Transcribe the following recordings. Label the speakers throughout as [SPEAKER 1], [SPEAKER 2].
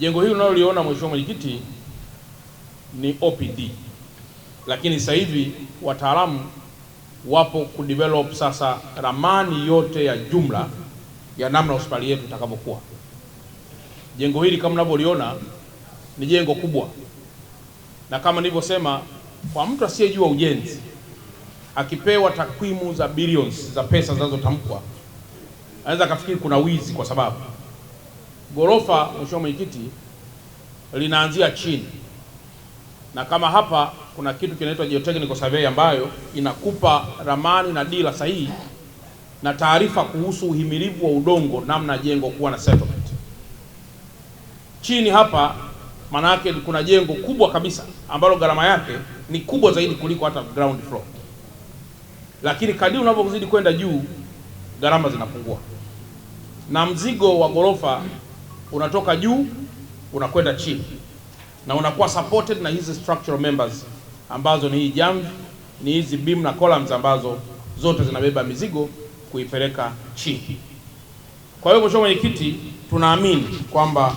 [SPEAKER 1] Jengo hili unaloliona mheshimiwa mwenyekiti ni OPD, lakini sasa hivi wataalamu wapo kudevelop sasa ramani yote ya jumla ya namna hospitali yetu itakavyokuwa. Jengo hili kama unavyoliona ni jengo kubwa, na kama nilivyosema, kwa mtu asiyejua ujenzi akipewa takwimu za billions za pesa zinazotamkwa anaweza akafikiri kuna wizi, kwa sababu Ghorofa, mheshimiwa mwenyekiti, linaanzia chini, na kama hapa kuna kitu kinaitwa geotechnical survey ambayo inakupa ramani na dira sahihi na taarifa kuhusu uhimilivu wa udongo, namna jengo kuwa na settlement. Chini hapa manake kuna jengo kubwa kabisa ambalo gharama yake ni kubwa zaidi kuliko hata ground floor, lakini kadi unavyozidi kwenda juu gharama zinapungua na mzigo wa ghorofa unatoka juu unakwenda chini na unakuwa supported na hizi structural members ambazo ni hii jamvi, ni hizi beam na columns ambazo zote zinabeba mizigo kuipeleka chini. Kwa hiyo Mheshimiwa Mwenyekiti, tunaamini kwamba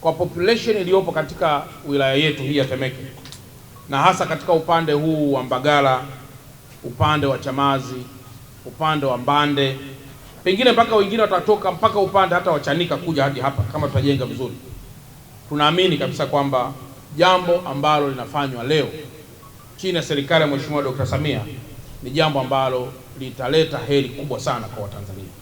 [SPEAKER 1] kwa population iliyopo katika wilaya yetu hii ya Temeke na hasa katika upande huu wa Mbagala, upande wa Chamazi, upande wa Mbande pengine mpaka wengine watatoka mpaka upande hata wachanika kuja hadi hapa, kama tutajenga vizuri. Tunaamini kabisa kwamba jambo ambalo linafanywa leo chini ya serikali ya Mheshimiwa Dkt. Samia ni jambo ambalo litaleta heri kubwa sana kwa Watanzania.